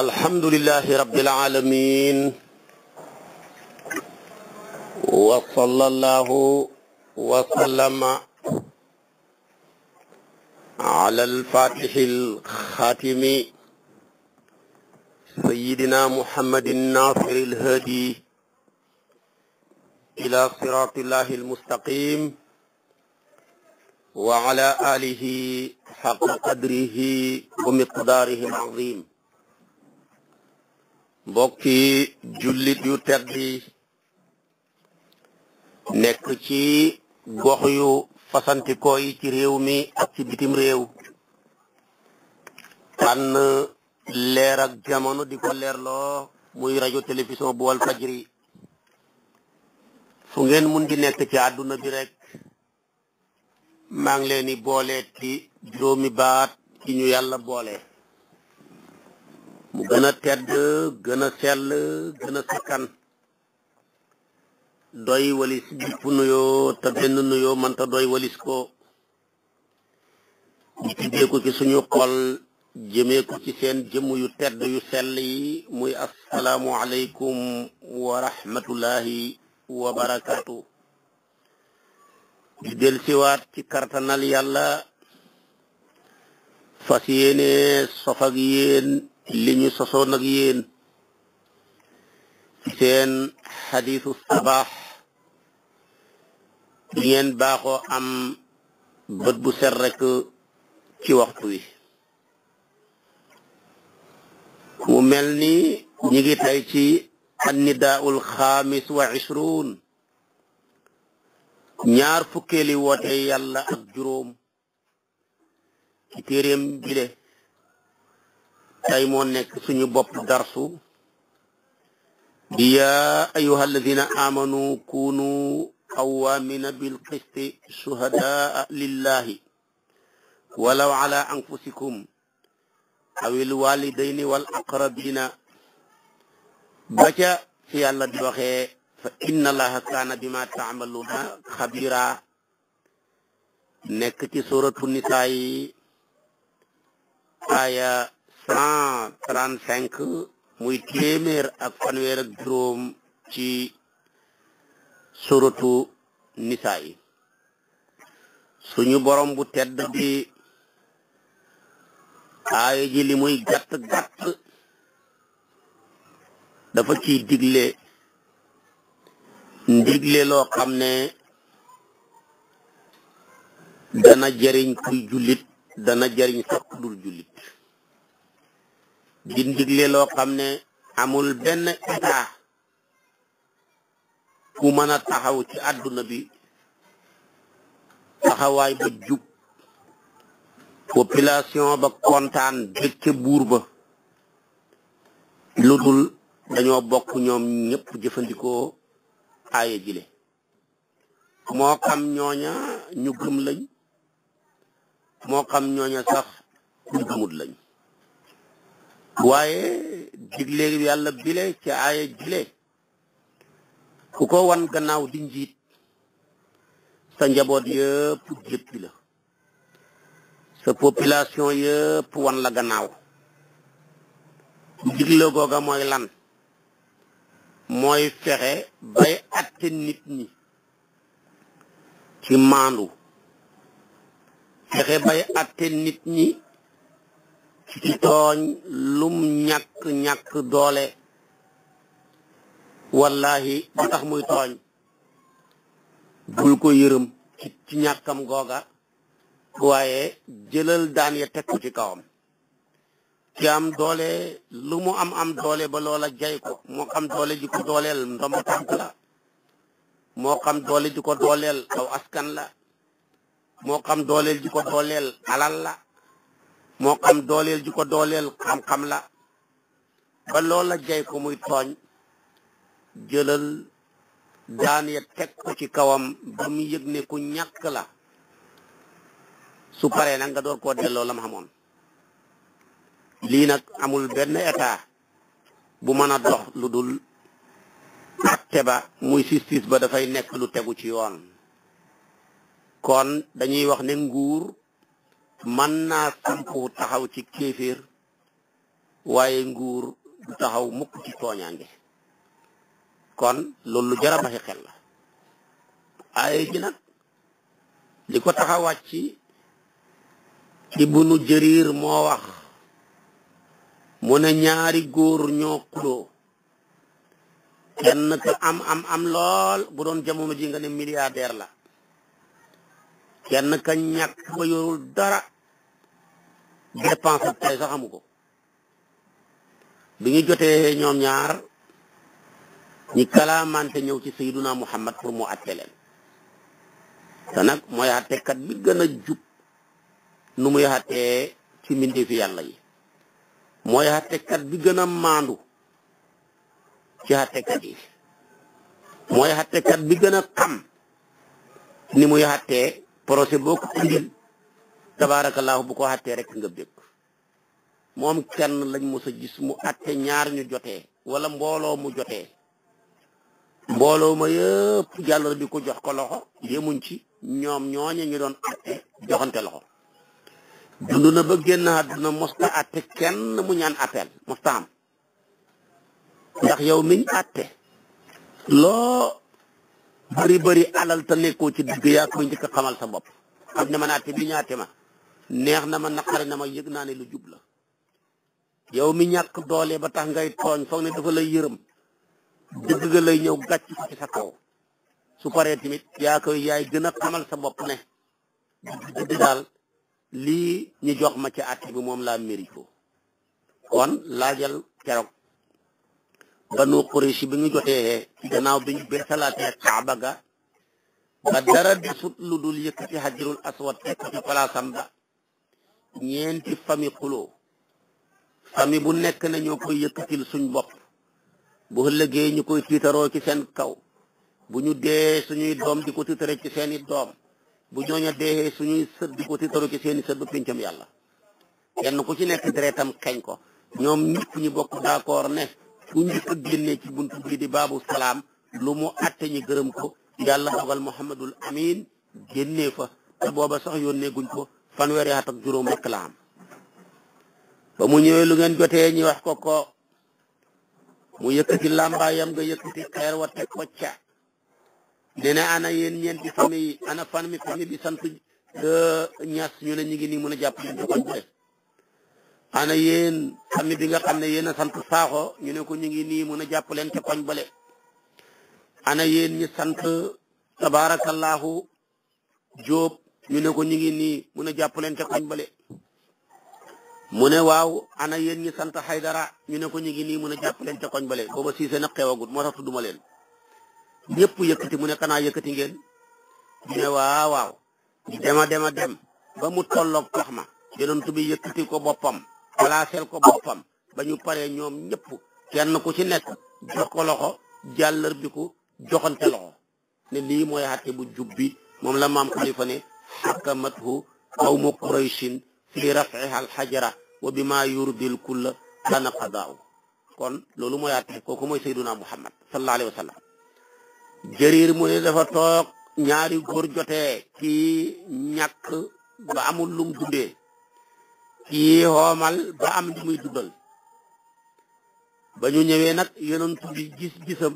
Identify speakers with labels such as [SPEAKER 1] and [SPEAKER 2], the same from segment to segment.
[SPEAKER 1] الحمد لله رب العالمين وصلى الله وسلم على الفاتح الخاتم سيدنا محمد الناصر الهادي إلى صراط الله المستقيم وعلى آله حق قدره ومقداره العظيم mbokki jullit yu ter yi nekk ci gox yu fasantikoo yi ci réew mi ak ci bitim réew tànn leer ak jamono di ko leerloo muy rajo télévision bu Walfadjri fu ngeen mun di nekk ci àdduna bi rek maa ngi boole ci juróomi baat ci ñu yàlla boole mu gëna tedd gëna a sell sakkan doy walis bépp nuyoo te benn man ta doy walis ko ñu ko ci suñu xol jëmee ko ci seen jëmm yu tedd yu sell yi muy alaykum wa rahmatullahi wa di del siwaat ci kartanal yàlla fas yéene li ñu sosoo nag yéen seen xadiisu sabaax li ngeen baaxoo am bët bu set rekk ci waxtu wi mu mel ni ñi ngi tey ci annidaul xaamis wa ishruun ñaar fukkeeli woote yàlla ak juróom ci téeréem tey moo nekk suñu bopp darsu يا أيها الذين آمنوا كونوا قوامين بالقسط شهداء لله ولو على أنفسكم أو الوالدين والأقربين بجا في الله دوخي فإن الله كان بما تعملون خبيرا نكتي سورة النساء آية cent cinq muy téeméer ak fanweer ak juróom ci suratu nisaa suñu borom bu tedd bi aaya ji li muy gàtt-gàtt dafa ciy digle ndigle loo xam ne dana jëriñ kuy jullit dana jariñ sax ku dul jullit di ndigle loo xam ne amul benn état ku mën a taxaw ci àdduna bi taxawaay ba jub population ba kontaan dëcc buur ba lu dul dañoo bokk ñoom ñëpp jëfandikoo aaya jile moo xam ñooña ñu gëm lañ moo xam ñooña sax ñu gëmut lañ waaye digle yàlla bile ci aaya jile ku ko wan gannaaw di njiit sa njaboot yëpp jéppi la sa population yëpp wan la gannaaw digle googa mooy lan mooy fexe bay atte nit ñi ci maandu fexe bay atte nit ñi ci tooñ lum ñàkk-ñàkk doole wallahi ba tax muy tooñ bul ko yërëm ci ci ñàkkam googa waaye jëlal daan ya teg ci kawam ki am doole lu mu am am doole ba loola jay ko moo xam doole ji ko dooleel ndomba tànk la moo xam doole ji ko dooleel aw askan la moo xam dooleel ji ko dooleel alal la moo xam dooleel ji ko dooleel xam-xam la ba loola jay ko muy tooñ jëlal daan ya teg ko ci kawam ba mu yëg ne ku ñàkk la su paree nag nga door koo delloo la ma xamoon lii nag amul benn état bu mën a dox lu dul atte ba muy justice ba dafay nekk lu tegu ci yoon kon dañuy wax ne nguur man naa sampu taxaw ci kéeféer waaye nguur du taxaw mukk ci tooñaange kon loolu lu xel la ji nag li ko tax a wàcc ibnu jëriir moo wax mu ne ñaari góor ñoo xuloo kenn ka am am am lool bu doon jamono ji nga ne milliardaire la kenn ka ñàkk ba yorul dara dépense ab tey sax amu ko bi ñu jotee ñoom ñaar ñi kalaamante ñëw ci sayyiduna muhammad pour mu atte leen nag mooy attekat bi gën a jub nu muy attee ci mbindee fi yàlla yi mooy attekat bi gën a maandu ci attekat yi mooy attekat bi gën a xam ni muy attee procès boo ko indil tabarakallah bu ko hatte rek nga bekk mom kenn lañ mos gis mu atté ñaar ñu joté wala mbolo mu joté mbolo ma yëpp jàllar bi ko jox ko loxo yemuñ ci ñom ñoña ñu doon atté joxante loxo dunduna na ba genn àdduna musta atté kenn mu ñaan appel ndax yow miñ atté lo bari bari alal te nekkoo ci digg yaak ko ci xamal sa bop ak ne manati ma neex na ma naqare na ma yëg naa ne lu jub la yow mi ñàkk doole ba tax ngay tooñ foog ne dafa lay yërëm dëgg ga lay ñëw gàcc ci sa kaw su paree tamit yaa koy yaay gën a xamal sa bopp ne dëgg daal lii ñu jox ma ci àtte bi moom laa mérito kon laajal keroog banu Quraysh bi ñu joxee gannaaw bi ñu beesalaatee Kaaba ga ba dara desut lu dul yëkkati hajarul aswad teg ko ci palaasam ba ñeenti famille xuloo famille bu nekk na ñoo koy yëkkatil suñ bopp bu ëllëgee ñu koy tiitaroo ci seen kaw bu ñu dee suñuy doom di ko tiitare ci seeni doom bu ñooña dee suñuy sët di ko tiitaroo ci seeni sët ba pincam yàlla kenn ku ci nekk deretam xeeñ ko ñoom ñëpp ñu bokk d'accord ne ku njëkk a génnee ci buntu bii di baabu salaam lu mu atte ñi gërëm ko yàlla dogal muhammadul amin génnee fa te booba sax yónnee guñ ko fanweeri at ak juróom rek la ba mu ñëwee lu ngeen jotee ñu wax ko ko mu yëkkati làmbaayam nga yëkkati xeer wa teg ko ca nee na ana yéen ñeenti famille ana fan mi famille bi sant e, ñas ñu ne ñu ngi nii mën a jàpp leen bi nga xam ne yéen sant saaxo ñu ne ko ñu ngi nii mën a jàpp koñ bale ana yéen ñi sant tabarakallahu jóob ñu ne ko ñu ngi nii mu ne jàpp leen ca koñ bale mu ne waaw ana yén ñi sant dara ñu ne ko ñu ngi nii mu ne jàpp leen ca koñ bale booba Cissé nag xewagut moo tax tudduma leen ñëpp yëkkati mu ne kanaa yëkkati ngeen ñu ne waaw waaw dem ba mu tolloog pax ma yonent bi yëkkati ko boppam palaasel ko boppam ba ñu paree ñoom ñëpp kenn ku ci nekk jox ko loxo jàllar bi ko joxante loxo ne lii bu jub bi moom la maam Xalifa ne xakamathu qawmu qurayshin fi raf'iha alxajara wa bima yurdil kulla kana qadaaw kon loolu mooy àtte kooku mooy sayduna muhammad sallallahu alayhi wa sallam jëriir mu ne dafa ñaari góor jotee kii ñàkk ba amul lum dundee kii xoomal ba am lu muy dundal ba ñu ñëwee nag yenoon bi gis gisam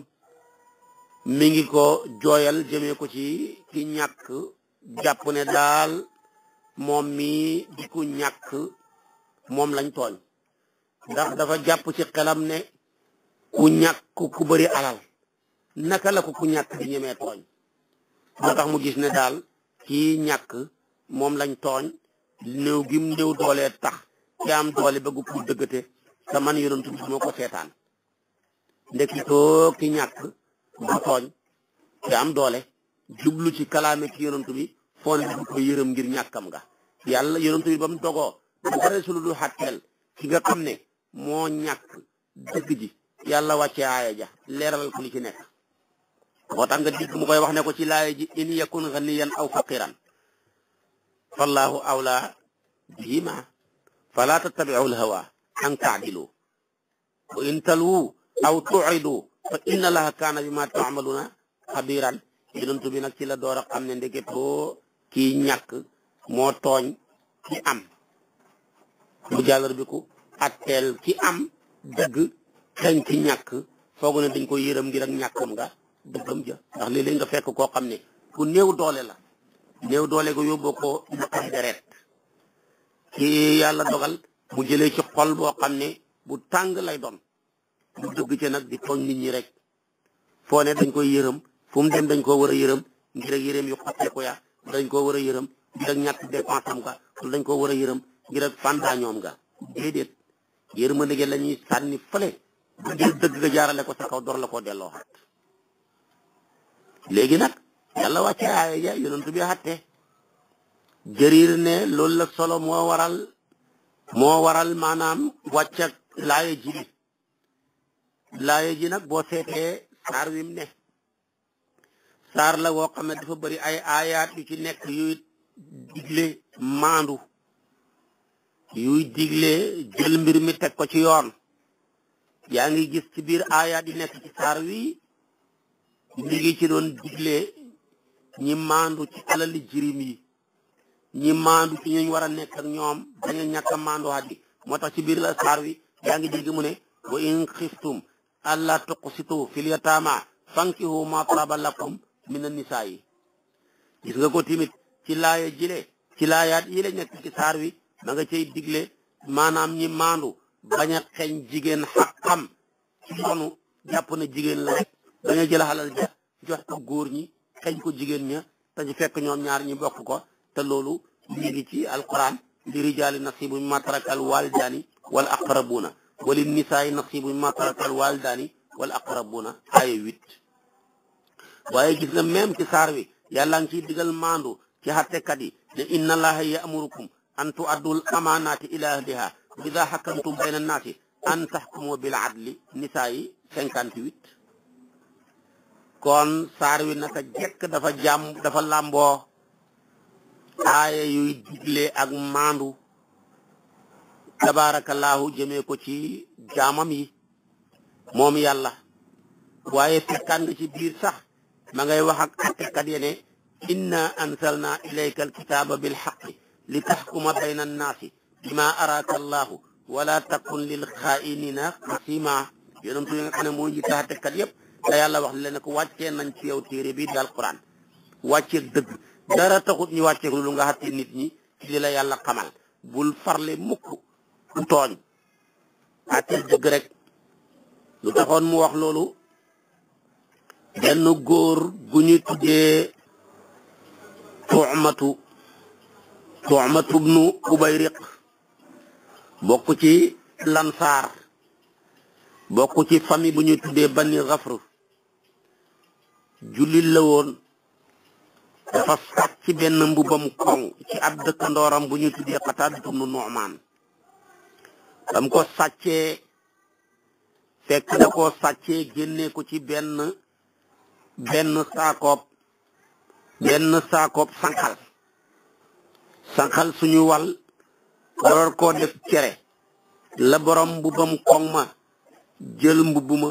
[SPEAKER 1] mi ngi ko jooyal jëmee ko ci ki ñàkk jàpp ne daal moom mii di ku ñàkk moom lañ tooñ ndax dafa jàpp ci xelam ne ku ñàkk ku bari alal naka la ko ku ñàkk di ñemee tooñ moo tax mu gis ne daal kii ñàkk moom lañ tooñ néew gi mu néew tax ci am doole bëgg ku dëggate sa man yonent bi moo ko seetaan ndekki toog ki ñàkk ba tooñ ci am doole jublu ci kalaame ki yonent bi foo ne ko yërëm ngir ñàkkam nga yàlla yonent bi ba mu dogoo ba dara su lu xàtteel ki nga xam ne moo ñàkk dëgg ji yàlla wàcce aaya ja leeral ko li ci nekk moo tax nga dégg mu koy wax ne ko ci laaya ji in yakun ganiyan aw faqiran fallahu awla bihima fala tattabiu lhawa an taadilu wa in talwu aw tuidu fa inna laha kaana bima taamaluuna xabiran yonent bi nag ci la door a ndeke po kii ñàkk moo tooñ ki am mu jàllar bi ku atteel ki am dëgg dañ ci ñàkk foog na dañ koy yërëm ngir ak ñàkkam nga dëggam ja ndax léeg-léeg nga fekk koo xam ne ku néew doole la néew doole ko yóbboo ko naqar deret ki yàlla dogal mu jëlee ci xol boo xam ne bu tàng lay doon mu dëgg ci nag di tooñ nit ñi rek foo ne dañ koy yërëm fu dem dañ ko war a yërëm ngir ak yërëm yu xotteeku yaa dañ koo war a yërëm ngir ak ñàkk dépense am dañ koo war a yërëm ngir ak fanda ñoom nga déedéet yërmande gi la ñuy sànni fële ba jël dëgg nga jaarale ko sa kaw door la koo delloo xat léegi nag yàlla wàcce aaya ja yonentu bi xatte jëriir ne loolu la solo moo waral moo waral maanaam wàcc ak laaya ji nag boo seetee saar wim ne saar la woo xam ne dafa bëri ay aayaat yu ci nekk yuy digle maandu yuy digle jël mbir mi teg ko ci yoon yaa ngi gis ci biir ayaat yi nekk ci saar wi mi ngi ci doon digle ñi maandu ci alali jirim ñi maandu ci ñuñ war a nekk ak ñoom dañu ñàkk a maandu hat moo tax ci biir la saar wi yaa ngi dégg mu ne wa in xiftum alla tuqsitu fil yataama fankihu ma talaba lakum minan nisaayi gis nga ko timit ci laaya jile ci laayaat yi la nekk ci saar wi ma nga cay digle maanaam ñi maandu bañ a xeñ jigéen xaqam ci yoonu jàpp na jigéen la rek bañ jël xalal ja jox ko góor ñi xeñ ko jigéen ña te ñu fekk ñoom ñaar ñi bokk ko te loolu ngi ci alquran li rijaali nasibu ma tarakal al wal aqrabuuna Wal nisaayi nasibu ma tarakal al wal aqrabuna aaya 8 waaye gis nga même ci saar wi yàlla ngi ciy digal maandu ci xattekat yi ne inna allaha ya'murukum an tu'addul amaanaati ila ahliha wa idaa xakamtum bayna annaasi an taxkumu bil adli nisaa yi kon saar wi naka jekk dafa jàmm dafa làmboo aaya yuy digle ak maandu tabaarakallaahu jëmee ko ci jaamam yi moom yàlla waaye fekkaan nga ci biir sax ma ngay wax ak àttekat ya inna anzalna ilayka alkitaba bilxaqi li taxkuma bayna annaasi bima araka allahu wala takun lil xaainina qasima yonentu yi nga xam ne moo njiite àttekat yëpp da yàlla wax leen ne ko wàccee nañ ci yow téere bi daal quran wàcceeg dëgg dara taxut ñu wàcceeg lu nga xatte nit ñi ci la yàlla xamal bul farle mukk ku tooñ àtteeg dëgg rek lu taxoon mu wax loolu benn góor gu ñu tuddee tuumatu tuumatu bnu ubayriq bokk ci lansaar bokk ci famille bu ñu tuddee bani xafr jullit la woon dafa sàcc benn mbubam koŋ ci ab dëkkandooram bu ñu tuddee xataadatu bnu nuumaan dam ko sàccee fekk da koo sàccee génnee ko ci benn ben sakop ben sakop sankal sankal suñu wal waroon ko def cere la borom mbubam koŋ ma jël mbubuma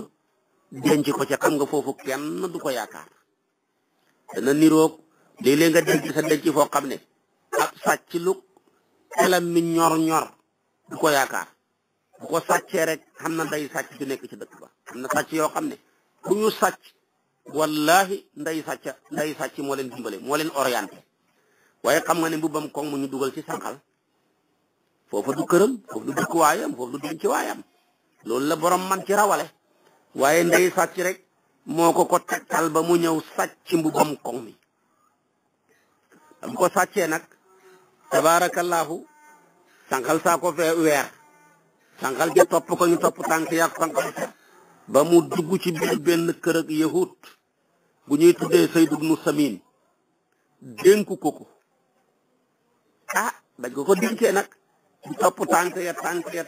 [SPEAKER 1] denc ko ci xam nga fofu kenn du ko yaakaar dana niroog léeg-léeg nga denc sa denc fo xamne ak sacc lu mi ñor-ñor du ko yaakaar bu ko saccé rek xamna day sacc du nekk ci dëkk ba xamna sacc yo xamne bu ñu sacc wallahi nday sàcca nday sàcc moo leen dimbale moo leen orienté waaye xam nga ne mbubbam koŋ mu ñu dugal ci sànqal foofa du këram foofu du dëkkuwaayam foofu du denc waayam loolu la borom man ci rawale waaye nday sàcc rek moo ko ko tegtal ba mu ñëw sàcc mbubbam koŋ mi am ko sàccee nag tabaarakallaahu sànqal saa ko fee weer sànqal ja topp ko ñu topp tànk yàq sànqal ba mu dugg ci benn kër ak bu ñuy tuddee Sayd ibnu Samin dénk ko ko ah dañ ko ko dénkee nag di topp tànk ya tànk ya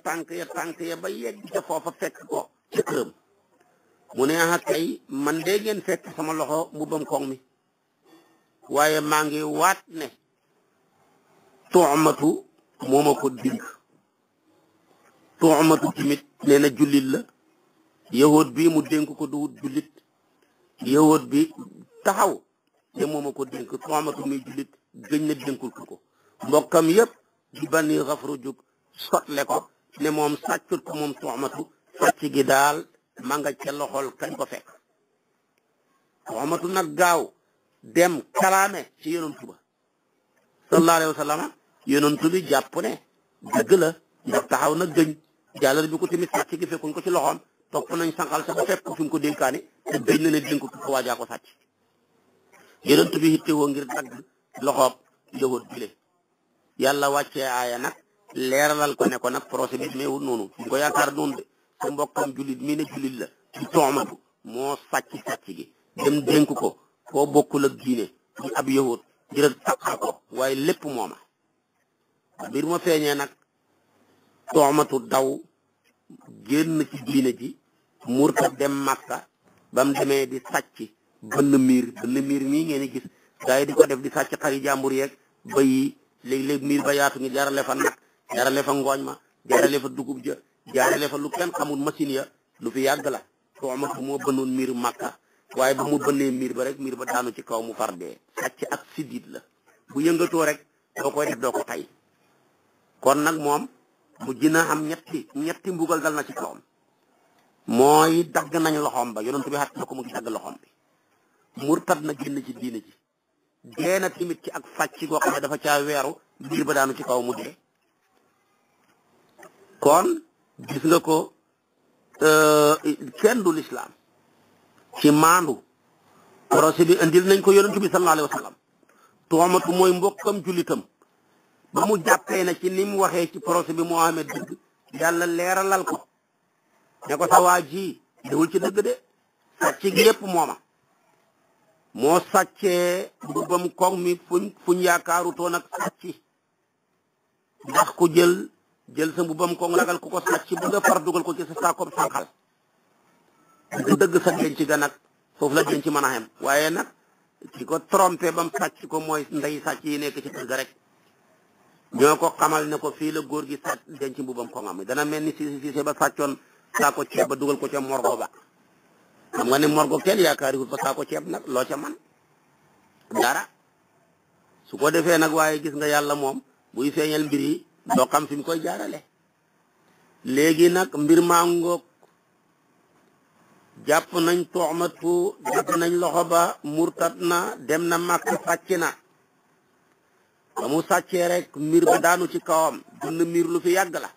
[SPEAKER 1] tànk ya ba yegg ca foofa fekk ko ci mu ne ah kay man dee ngeen sama loxo mu bam koŋ mi waaye maa ngi waat ne tuumatu moo ko dénk tuumatu tamit nee na jullit la yahood bi mu dénk ko du jullit yowóot bi taxaw te moom a ko dénk Muhammadu muy jullit gëñ na dénkul ko ko mbokkam yëpp di bani xafru jug sotle ko ne moom sàccut ko moom Muhammadu sàcc gi daal ma nga ca kañ ko fekk Muhammadu nag gaaw dem kalaame ci yonantu tuba sallallahu alayhi wa sallam yonantu bi jàpp ne la ndax taxaw na gëñ jàllal bi ko tamit sàcc gi fekkuñ ko ci loxoom topp nañ sànqal sax ba fekk ko fi ñu ko dénkaane te gëj na ne dénku ko waajaa ko sàcc yonent bi ittewoo ngir dagg loxoob yowóot bile yàlla wàccee aaya nag leeralal ko ne ko nag procès bi meewul noonu ñu mii ne jullit la toomatu moo sàcc sàcc gi dem dénk ko ko bokkul a diine ñu ab yowóot ngir taqal ko waaye lépp mooma mbir ma feeñee nag toomatu daw génn ci diine ji murta dem Makka ba mu demee di sàcc bënn miir bënn miir mii ngeen di gis gaa di ko def di sàcc xari jàmbur yeeg bay léegi léeg-léeg miir ba yaatu ñu jaarale fa nag jaarale fa ngooñ ma jaarale fa dugub ja jaarale fa lu kenn xamul machine ya lu fi yàgg la toomatu moo bënnoon miiru Makka waaye ba mu bënnee miir ba rek miir ba daanu ci kaw mu far dee sàcc ak siddiit la bu yëngatoo rek doo koy def doo ko tay kon nag moom mujj na am ñetti ñetti mbugal dal na ci kawam mooy dagg nañ loxoom ba yonent bi xat na ko mu dagg loxoom bi murtad na génn ci diina ji dee na timit ci ak fàcc goo xam ne dafa caa weeru biir ba daanu ci kaw mu dee kon gis nga ko euh, kenn du lislaam ci maandu procès bi indil nañ ko yonent bi sallallahu alayhi wa sallam tuumatu mooy mbokkam jullitam ba mu jàppee na ci ni mu waxee ci procès bi Mohamed dëgg yàlla leeralal ko ne ko sa waa ji dewul ci dëgg de sàcc gi yépp mooma moo sàccee mbubbam koŋ mi fuñ fuñ yaakaarutoon ak sàcc ndax ku jël jël sa mbubbam koŋ lagal ko ko sàcc ba far dugal ko ci sa saakoom sànqal dëgg sa denc ga nag foofu la denc mën a xem waaye nag ki ko trompé bam sàcc ko mooy ndey sàcc yi nekk ci kër rek ñoo ko xamal ne ko fii la góor gi sàcc denc mbubam ko ngam dana mel ni si si ba sàccoon saako ceeb ba dugal ko ca morgo ba xam nga ne morgo kenn yaakaariwul ba saako ceeb nag loo ca man dara su ko defee nag waaye gis nga yàlla moom buy feeñal mbir yi doo xam fi mu koy jaarale léegi nag mbir maa ngoog jàpp nañ tooxmatu jàpp nañ loxo ba murtat na dem na màkk sàcc na ba mu sàccee rek mbir ba daanu ci kawam dund miir lu fi yàgg la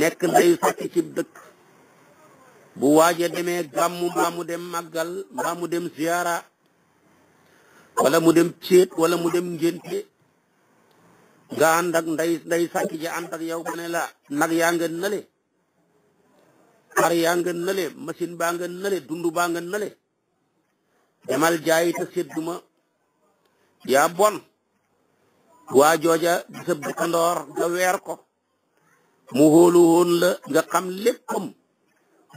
[SPEAKER 1] nekk ndeyu sàcc ci dëkk bu waaje demee gàmmu mbaa mu dem màggal mbaa mu dem ziyaara walla mu dem céet wala mu dem ngénte nga ànd ak nday nday sàcc ji ànd ak yow mu ne la nag yaa nga nale xar yaa nga nale machine baa nga nale dund baa nga nale demal jaayi te sédduma yaa bon waa jooja sab dëkkandoor nga weer ko mu hóolu hóon la nga xam léppam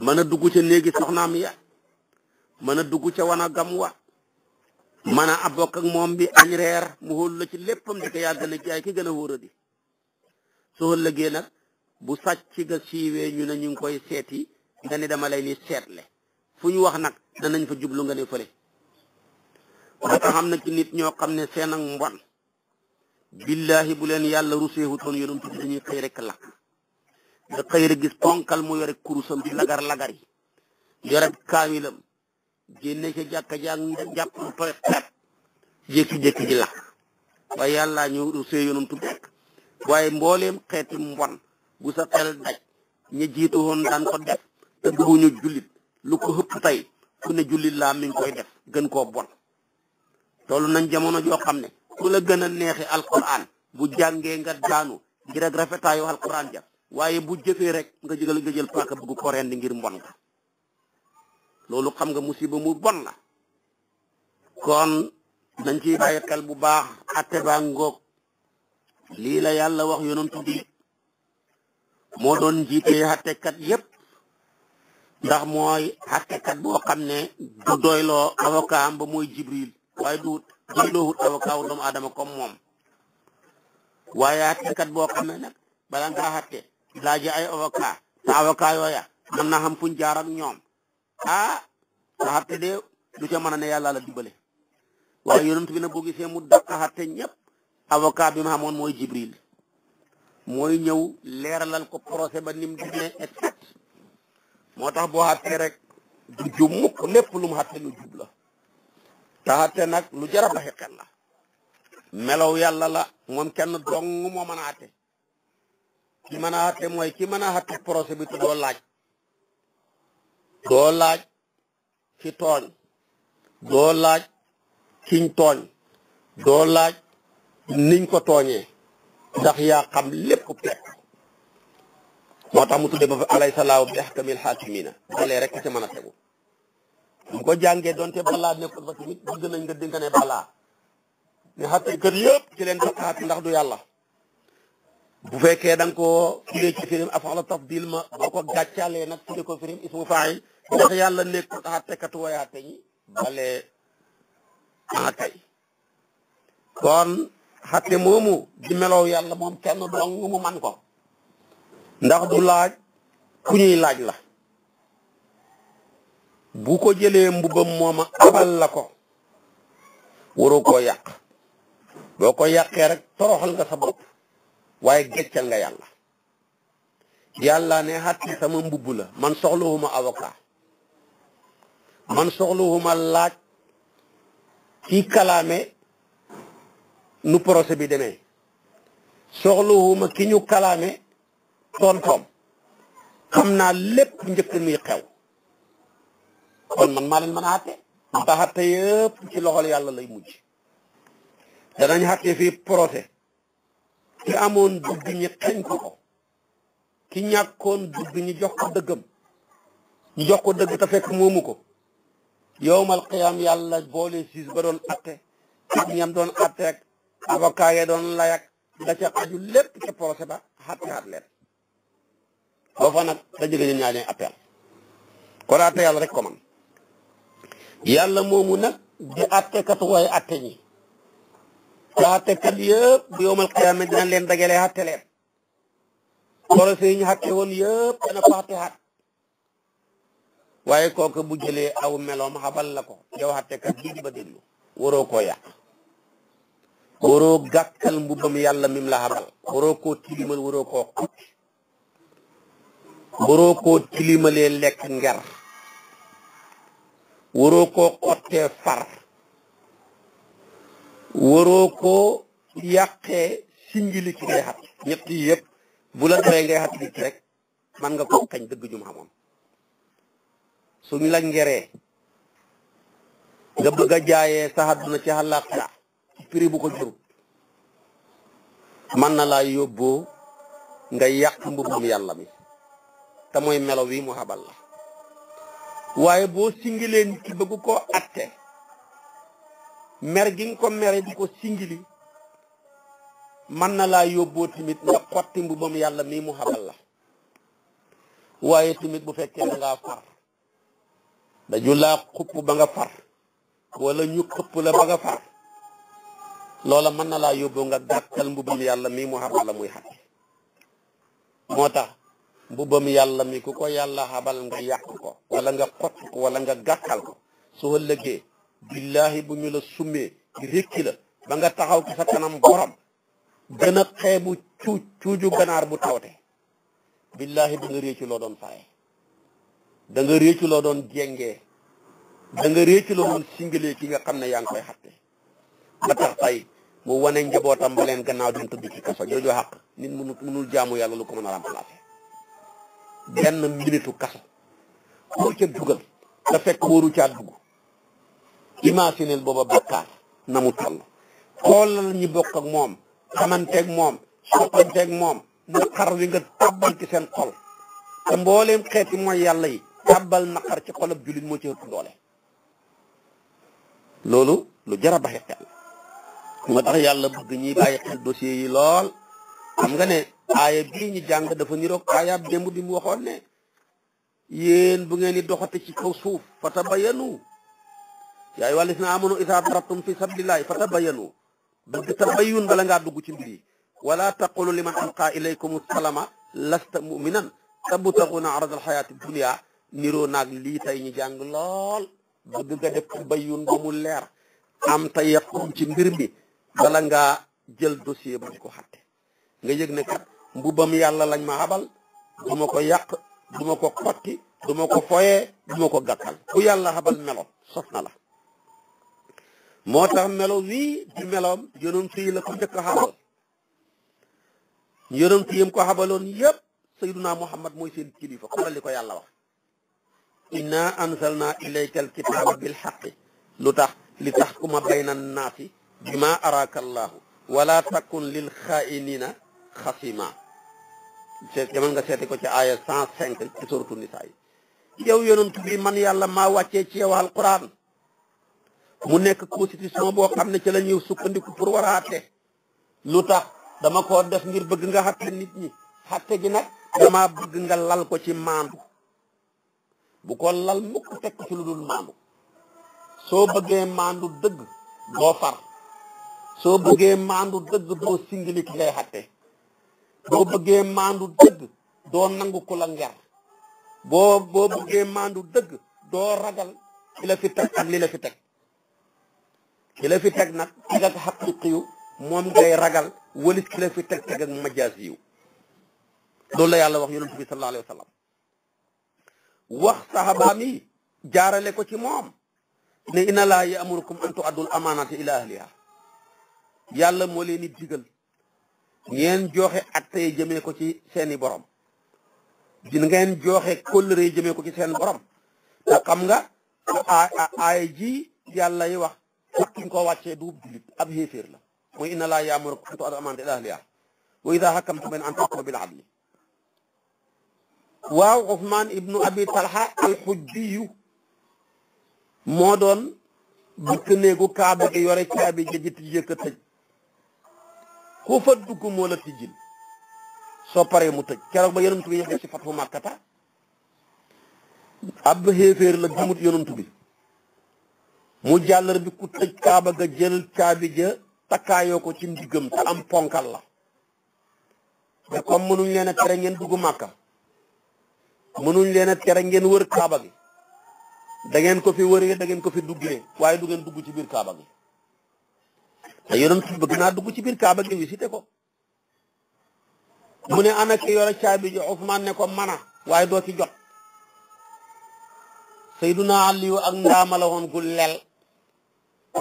[SPEAKER 1] mën a dugg ca néegi soxnaam ya mën a dugg ca wana gam wa mën a bokk ak moom bi añ reer mu hóolu la ci léppam di ko yaa jaay ki gën a wóoradi soo ëllëgee nag bu sàcc ga siiwee ñu ne ñu ngi koy seeti nga ni dama lay ni seetle fu ñu wax nag danañ fa jublu nga ne fële ba xam na ci nit ñoo xam ne seen ak mbon billahi bu leen yàlla ruseewu toon yonent bi dañuy xëy rek lakk nga xëy gis ponkal mu yore kurusam di lagar lagar yi yore kaamilam génne ca jàkka jàng jàpp tooy xepp jékki-jékki ji lakk waaye yàllaa ñu rusee yonent bi rek waaye mbooleem xeeti mbon bu sa xel daj ña jiitu woon daan ko def te duñu jullit lu ko xëpp tey ku ne koy def gën koo bon toll nañ jamono joo xam ne ku la gën a neexi alquran bu jàngee nga daanu ngir ak rafetaayu alquran ja waaye bu jëfee rek nga jëgal nga jël paaka bëgg ko rendi ngir mbon nga loolu xam nga musiba mu bon la kon nañ ciy bàyyi bu baax atte baa ngoog lii la yàlla wax yonantu bi moo doon njiitee xattekat yépp ndax mooy xattekat boo xam ne du doyloo avocat am ba mooy jibril waaye du delloohut avocat kaw doomu adama kom mom waya àttekat kat bo ya. ne nak bala ngaa hatte laaje ay avocat te avocat ya na xam fuñ jaar ak ñom ah hatte de du ca mën a ne la dimbale waaye yoonent bi na bo gisee mu dakk hatte ñep avocat bi ma xamoon moy Jibril moy ñew leralal ko procès ba nim exact rek du jumuk lepp lu mu hatte lu jubla taxatte nag lu jar a baxi xel la melaw yàlla la moom kenn dong moo mën a atte ki a atte mooy ki mën a atte procès bi te doo laaj doo laaj ci tooñ doo laaj kiñ tooñ doo laaj niñ ko tooñee ndax yaa xam lépp pekk moo tax mu tudde ba fi alayhi salaahu bi ahkamil xaakimina dalee rek ci mën a tegu mu ko jàngee donte balaa nekkul fa tamit bëgg nañ nga dénkane balaa ne xatte kër yëpp ci leen doxaat ndax du yàlla bu fekkee da nga koo firee ci firim afaxla tafdil ma boo ko gàccalee nag firee ko firim ismu faay ndax yàlla nekkul xattekatu wayaate ñi bale a kay kon xatte moomu di melow yàlla moom kenn dong mu man ko ndax du laaj ku ñuy laaj la bu ko jëlee mbubam mooma abal la ko waroo ko yàq boo ko yàqee rek toroxal nga sa waaye geccal nga yàlla yàlla ne xatti sama mbubb la man soxlawuma avocat man soxlawuma laaj ki kalaame nu procès bi demee soxlawuma ki ñu kalaame tontoom xam naa lépp njëkk muy xew kon man maa leen mën a àtte ndax àtte yëpp ci loxol yàlla lay mujj danañ àtte fii procès ki amoon dëgg ñi xañ ko ki ñàkkoon dëgg ñi jox ko dëggam ñu jox ko dëgg te fekk moomu ko yowmal qiyaam yàlla boole siis ba doon àtte ñam doon àtte ak avocat ya doon layak da ca xaju lépp ca procès ba àtte at leen boo fa da jóge ñu ñaar ñooy appel kon yàlla rek ko yàlla moomu nag di attekat waaye atte ñi te attekat yëpp bu yowmal qiyaama dina leen dagale atte leen korose yi ñu atte woon yëpp dana ko atte at waaye kooku bu jëlee aw meloom xabal la ko yow attekat bii di ba déglu waroo koo yàq waroo gàkkal mbubam yàlla mim la xabal waroo koo tilimal waroo koo waroo koo tilimalee lekk nger waroo koo xottee far waroo ko yàqee singili ci ngay xat ñett yi yëpp bu la doyee ngay xat nit rek man nga ko kañ dëgg ju xamoon suñ la ngeree nga bëgg a jaayee sa àdduna ci àllaaxira ci bu ko jurut man na laa yóbboo nga yàq mbubum yàlla mi te mooy melo wii mu xabal la waaye boo singilee nit ki bëgg koo atte mer gi nga ko mere ko singili mën na laa yóbboo tamit nga xotti mbubam yàlla mii mu xabal la waaye tamit bu fekkee da ngaa far dañu laa xupp ba nga far wala ñu xëpp la ba nga far loola mën na laa yóbboo nga gàttal mbubam yàlla mii mu xabal la muy xat moo tax mbubam yàlla mi ku ko yàlla xabal nga yàq ko wala nga xott ko wala nga gàkkal ko soo lëggee bu ñu la summee rékki la ba nga taxaw ci sa kanam borom gën a xeebu cuuj cuuju ganaar bu tawte billahi da nga réccu loo doon faye danga nga loo doon jengee danga nga loo doon singalee ki nga xam ne yaa ngi koy xatte ba tax tey mu wane njabootam ba leen gannaaw dem tëdd ci kaso jooju xaq nit mënu mënul jaamu yàlla lu ko mën a remplacer ben minitu kasso ko ci dugal da fek woru ci addu imagineel booba bakkaar na mu toll xoolal ñi bok ak mom xamanté ak mom xopanté ak mom moom xar wi nga tabal ci sen xol te mbolem xeeti mooy yalla yi tàbbal naqar ci xolab julit mo ci ëpp doole lolu lu jara baxé xel mo tax yalla bëgg ñi bàyyi xel dossier yi lool xam nga ne aaya bi ñu jàng dafa niroog aayaab démb bi mu waxoon ne yéen bu ngeen di doxate ci kaw suuf fatabayanu yaa ayyuhaa llaziina aamanu izaa darabtum fi sabilillahi fatabayanu bëgg tabayun bala ngaa dugg ci mbir wala taqulu liman alqa ilaykum salama lasta muminan tabtaxuna arada alxayaati dunia niroo naag lii tey ñu jàng lool bëgg nga def tabayun ba mu leer am ta yaqum ci mbir mi bala ngaa jël dossier ba ko xatte nga yëg ne kat mbubam yàlla lañ ma habal duma ko yak duma ko xoti duma ko foye duma ko gàkkal ku yàlla habal melo sof la motax melo wi di melom yonum fi la ko njëkk habal yonum fi yim ko habalon yeb sayyiduna muhammad moy seen kilifa xoolal ko yàlla wax inna anzalna ilayka alkitaba bilxaqi lu tax li taxkuma bayna annaasi bima araka allah ولا تكن للخائنين xasima demal nga seeti ko ci aaya cent cinq ci suratu nisaa yi yow yonent bi man yàlla maa wàccee ci yow alquran mu nekk constitution boo xam ne ci la ñuy sukkandiku pour war a àtte lu tax dama ko def ngir bëgg nga xatte nit ñi xatte gi nag dama bëgg nga lal ko ci maandu bu ko lal mukk teg ci lu dul maandu soo bëggee maandu dëgg doo far soo bëggee maandu dëgg doo singili ki xatte boo bëggee maandu dëgg doo nangu ku la boo boo bëggee maandu dëgg doo ragal li la fi teg ak li la fi teg li fi teg nag teg ak moom ngay ragal walis ki la fi teg teg ak majaas la yàlla wax yonent bi sallallahu alayhi wa sallam wax sahabaam jaarale ko ci moom ne inna laa ya'murukum an tu'addul amaanaati ila ahliha yàlla moo leen di digal ngeen joxe atte yi jëmee ko ci seeni borom di ngeen joxe kóllëre yi jëmee ko ci seen borom te xam nga aay ji yàlla yi wax fakkiñ ko wàccee du julit ab xéeféer la mooy inna laa yaamurukum an tu'addu amaanaati ilaa ahlihaa wa idaa hakamtum waaw Ousmane ibnu abi talha alxujjiyu moo doon bëkk néegu kaaba gi yore caabi ja ji tijjee tëj ku fa dugg moo la tijjil soo paree mu tëj keroog ba yonent bi ñëw ci fatu Makkata ab xéeféer la gëmut yonent bi mu jàllar bi ku tëj kaaba ga jël caabi ja takkaayoo ko ci ndiggam te am ponkal la kom comme mënuñ leen a tere ngeen dugg Makka mënuñ leen a tere ngeen wër kaaba gi da ngeen ko fi wëree da ngeen ko fi duggee waaye du ngeen dugg ci biir kaaba gi te yonent bi bëgg naa dugg ci biir Kaaba gi visité ko mu ne ana ki yore caabi ji Ousmane ne ko mana waaye doo ci jot Seyduna na ak ndaama la woon gu lel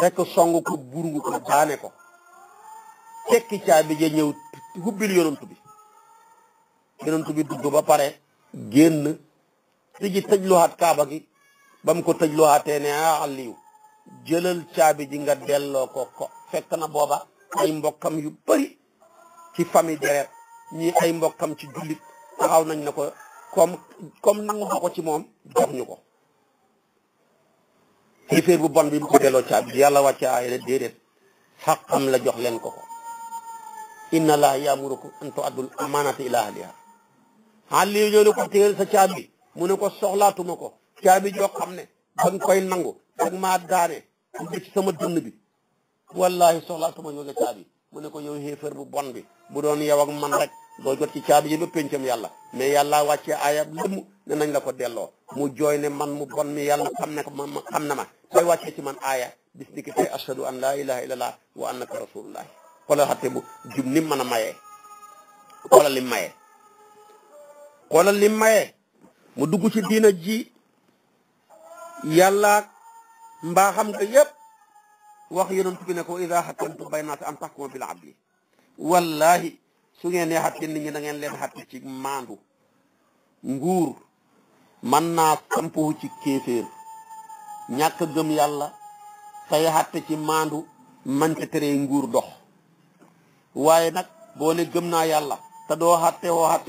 [SPEAKER 1] rek song ko burungu ko daane ko tekki caabi ja ñëw hubbil yonent bi dugg ba pare génn tëji tëj luwaat Kaaba gi ba mu ko tëj luwaatee ne ah Aliyu jëlal caabi ji nga delloo ko ko fekk na booba ay mbokkam yu bëri ci famille deret ñi ay mbokkam ci jullit taxaw nañ na ko comme comme nangu ko ci moom jox ñu ko xéeféer bu bon bi mu ko delloo caabi yàlla wàcce aaya ne déedéet xaqam la jox leen ko ko inna laa yaamurukum an tu'addul amaanati ilaa ahlihaa Aliou ñoo ne ko téyel sa caabi mu ne ko soxlaatuma ko caabi joo xam ne ba koy nangu dag maa daane sama dënn bi wallahi soxlaatuma ñoo nga caabi mu ne ko yow xéefar bu bon bi bu doon yow ak man rek doo jot ci caabi ji ba péncam yàlla mais yàlla wàccee aayab lëmm ne nañ la ko delloo mu jooy ne man mu bon mi yàlla xam ne ko ma xam na ma tey wàccee ci man aaya bis ni ki tey ashhadu an laa ilaha illallah wa annaka rasulullah xoolal xatte bu jub ni mën a mayee xoolal lim mayee xoolal lim mayee mu dugg ci diina ji yàlla mbaaxam nga yëpp wax yonent bi ne ko ida xattantum bay naas an taxkuma bil adli wallahi su ngeen ne xatte nit ñi da ngeen leen xatte ci maandu nguur man naa sampu ci kéeféer ñàkk gëm yàlla say xatte ci maandu man ca nguur dox waaye nag boo ne gëm naa yàlla te doo xatte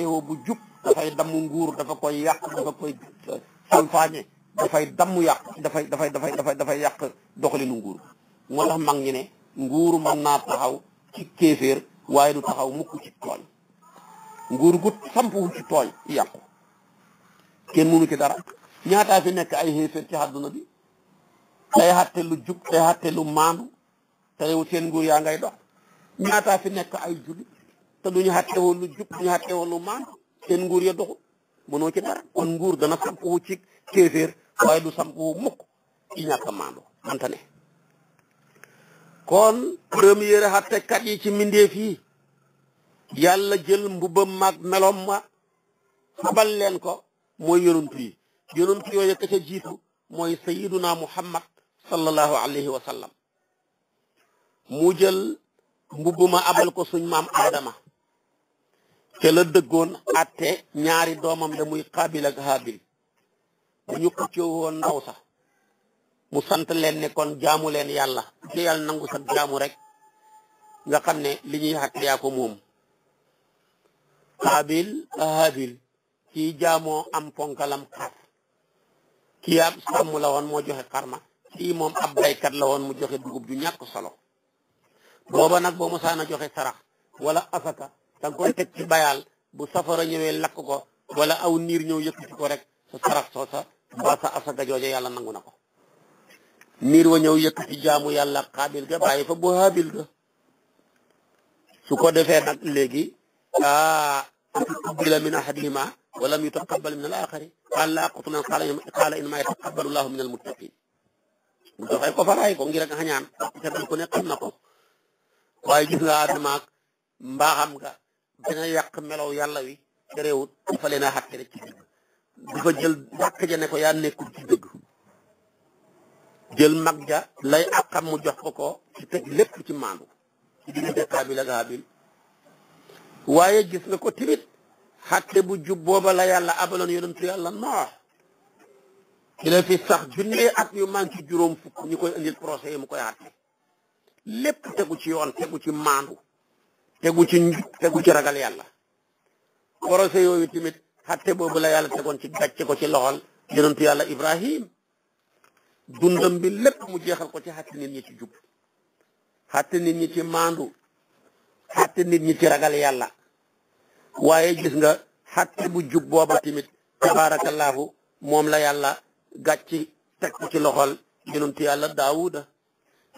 [SPEAKER 1] woo bu jub dafay damm nguur dafa koy yàq dafa koy uh, salfaañe dafay damm yàq dafay dafay dafay dafay dafay yàq doxalinu nguur wala mag ñu ne nguur mën naa taxaw ci kéeféer waaye du taxaw mukk ci tooñ nguur gu sampuwul ci tooñ yàqu kenn mënu ci dara ñaataa fi nekk ay xéeféer ci àdduna bi day xatte lu jub day xatte lu maandu te réew seen nguur yaa ngay dox ñaataa fi nekk ay jullit te duñu xatte woon lu jub ñu xatte woon lu maandu seen nguur ya doxu mënoo ci dara kon nguur dana sampuwu ci kéeféer waaye du sampuwu mukk ci ñàkk a maandu ne kon premier àttekat yi ci mbindeef yi yàlla jël mbubam mag melom ma leen ko mooy yonantu yi yonantu yooyu ka ca jiitu mooy sayiduna muhammad sallallahu alayhi wa sallam mu jël mbubb ma abal ko suñ maam aadama te la dëggoon atte ñaari doomam da muy xaabil ak haabil bu ñu ndaw sax mu sant leen ne kon jaamu leen yàlla te nangu sa jaamu rek nga xam ne li ñuy xat yaa ko moom xaabil haabil ki jaamoo am ponkalam xar kii ab sàmm la woon moo joxe xarma kii moom ab baykat la woon mu joxe dugub ju ñàkk solo booba nag boo mosaan a joxe sarax wala asaka da nga koy teg bayaal bu safara ñëwee lakk ko wala aw niir ñëw yëkkati ko rek sa sarax soo sa mbaa asaka jooje yàlla nangu na ko mir wa ñëw yëkkati jaamu yàlla xaabil ga bàyyi fa bu haabil ga su ko defee nag léegi ah tuqbila min ahadihima wa lam yutaqabbal min al axari qaala la aqtulan qaala innama min al muttaqin bu doxee ko ko ngir ak xañaan te ku ne xam na ko waaye gis nga Adama ak mbaaxam nga dina yàq melow yàlla wi te réewut dafa leen a xàtte rek ci dëgg jël dàq ja ne ko yaa nekkul ci dëgg jël mag ja lay àqam mu jox ko ko ci teg lépp ci maandu ci diggante Qaabil ak Haabil waaye gis nga ko tamit xatte bu jub booba la yàlla abaloon yonentu yàlla noox ci la fi sax junne at yu manqué juróom fukk ñu koy indil procès yi mu koy xatte lépp tegu ci yoon tegu ci maandu tegu ci njub tegu ci ragal yàlla procès yooyu tamit xatte boobu la yàlla tegoon ci gàcce ko ci loxol yonentu yàlla Ibrahim dundam mbi lépp mu jeexal ko ci xàtte nit ñi ci jub xàtte nit ñi ci maandu xàtte nit ñi ci ragal yàlla waaye gis nga bu jub booba tamit tabaarakallaahu moom la yàlla gàcci teg ko ci loxol yonent yàlla daawuda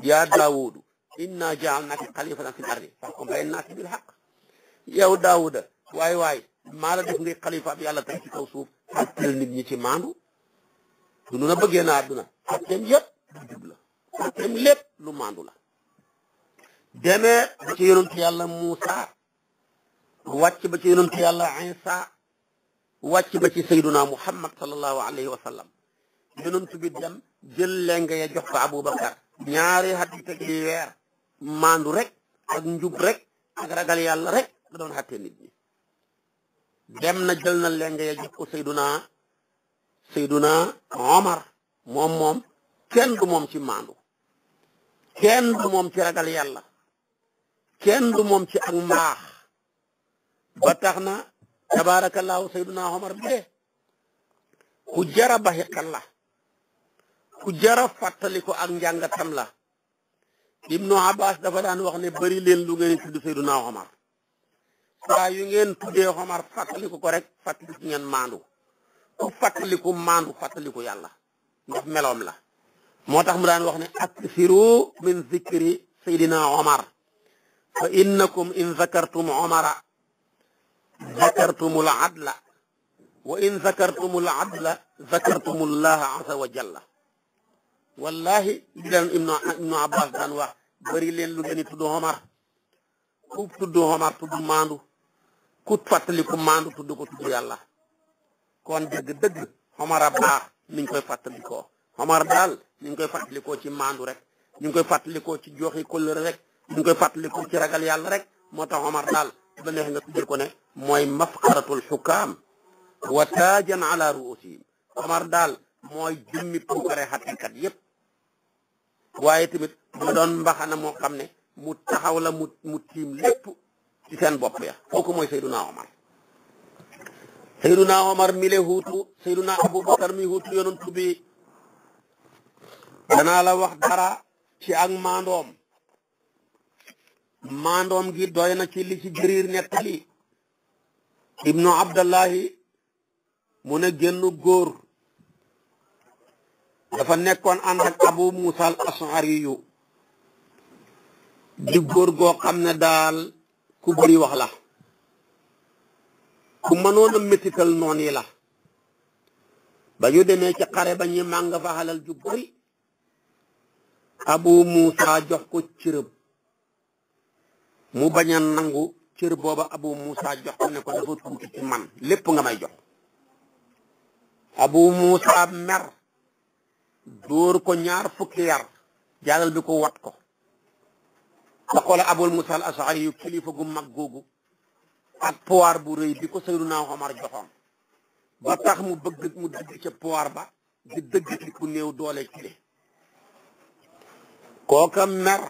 [SPEAKER 1] yaa daawudu inna jaalnaaka xalifatan fil ardi fahkum bayna naasi bil haqq yow daawuda waay waay maa la def ngay xalifa bi yàlla tey ci kaw suuf nit ñi maandu nu na bëggee na àdduna dem yëpp lu jub la dem maandu la demee ba ci yonent yàlla Muusa wàcc ba ci yonent yàlla Isa wàcc ba ci sayduna Muhammad sallallahu alayhi wa sallam yonent bi dem jël lenge ya jox ko Aboubacar ñaari xattite gi weer maandu rek ak njub rek ak ragal yàlla rek da doon xattee nit ñi dem na jël na lenge ya jox ko sayduna sayyiduna omar mom mom kenn du mom ci mandu kenn du mom ci ragal yalla kenn du mom ci ak ba taxna na sayyiduna omar be ku jara bahiqallah ku jara fataliko ak njàngatam la ibnu abbas dafa dan wax ne bari len lu ngeen tuddu sayyiduna omar saa yu ngeen tuddé omar fataliko ko rek fatali ngeen mandu ku fàttaliku maandu fàttaliku yàlla ndax meloom la moo tax mu daan wax ne aksiru min zikri sayidina omar fa innakum in zakartum omara zakartumu l adla wa in zakartumu l adla zakartumu llaha azza wa jalla wallahi li daan ibnu ibnu abbas daan wax bëri leen lu gën a tudd omar ku tudd omar tudd maandu ku fàttaliku maandu tudd ko tudd yàlla kon dëgg-dëgg Omar baax mi ngi koy fàttalikoo Omar daal mi ngi koy fàttalikoo ci maandu rek mi ngi koy fàttalikoo ci joxi kóllëre rek mi ngi koy fàttalikoo ci ragal yàlla rek moo tax Omar daal ba neex nga tuddee ko ne mooy mafxaratul xukkaam wa taajan ala ruusihim Omar daal mooy jëmmi puukare xattikat yépp waaye tamit mu doon mbaxana moo xam ne mu taxaw mu mu tiim lépp ci seen bopp ya kooku moy Seydunaa Omar Seyduna Omar mi le huutu Seyduna Abubakar mi huutu yonent bi danaa la wax dara ci ak maandoom maandoom gi doy na ci li ci jëriir nettali ibnu abdallahi mu ne génnu góor dafa nekkoon ànd abu muusa al ashari di góor goo xam ne daal ku bëri wax la ku mënoon metital noni la ba ñu demee ci xaré ba ñi fa halal ju bari abu Musa jox ko cërëb mu baña nangu cër booba abu Musa jox ko ne ko dafa tuuti ci man lepp nga may jox abu Musa mer door ko ñaar fukki yar jaalal bi ko wat ko sa abul Musal al asari yu kilifa gu ak pouvoir bu rëy bi ko Seydina Omar joxoon ba tax mu bëgg mu dëgg ca pouvoir ba di dëgg ci ku doole ci kooka mer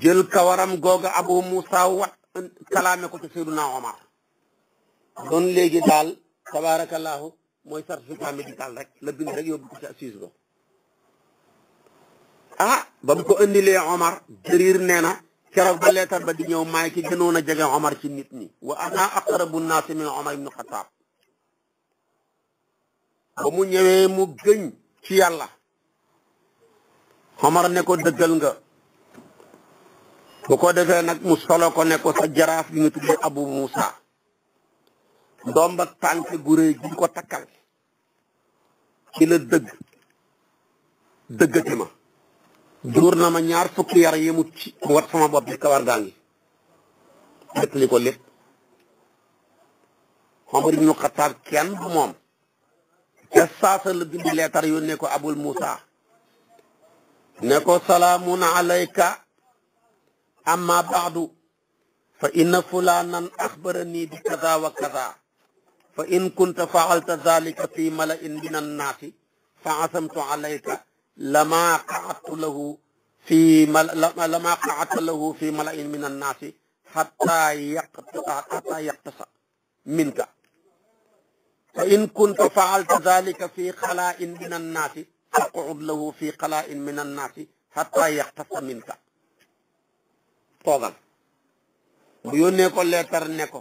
[SPEAKER 1] jël kawaram googa Abu Moussa wat kalaame ko ca Seydina Omar doon léegi daal tabaarakallaahu mooy certificat médical rek la bind rek yóbbu ko ci assise ba ah ba mu ko indilee Omar jëriir nee keroog ba leetar ba di ñëw maay ki gënoon a jege Omar ci nit ñi wa ana aqrabu naasi min Omar ibnu Xataab ba mu ñëwee mu gëñ ci yàlla Omar ne ko dëggal nga bu ko defee nag mu solo ko ne ko sa jaraaf bi nga tudde Abu Muusa ndomba tànk gu rëy ko takkal ci la dëgg dëggati ma duur na ma ñaar fukki yar yi mu ci mu wat sama bopp bi kawar li ko lépp Omar ibnu Xataab kenn du moom ca saasa la bind leetar yónnee ko Abul Muusa ne ko salaamun alayka amma baadu fa inna fulanan bi kaza wa kaza fa in kunta faalta fi mala in min annaasi fa asamtu alayka lamaa qaatu lahu fi mal lamaa qaata lahu fi malain min annaasi xataa yaqta xataa yaqtasa minka in kunta faalta dalika fi xalaa'in min annaasi faqud lahu fi xalaa'in min annaasi xataa yaqtasa minka toogal mu yónnee ko leetar ne ko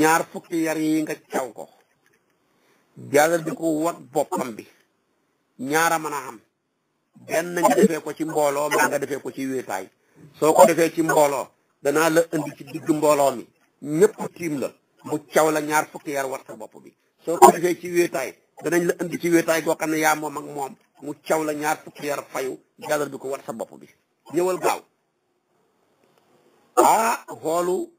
[SPEAKER 1] ñaar fukki yar yi nga caw bi ñaara mën a am benn nga defee ko ci mbooloo maa nga defee ko ci wéetaay soo ko defee ci mbooloo danaa la indi ci digg mbooloo mi ñëpp tiim la mu caw la ñaar fukki yar war sa bopp bi soo ko defee ci wéetaay danañ la indi ci wéetaay goo xam ne yaa moom ak moom mu caw la ñaar fukki yar fayu jàllal bi ko war sa bopp bi ñëwal gaaw ah xoolu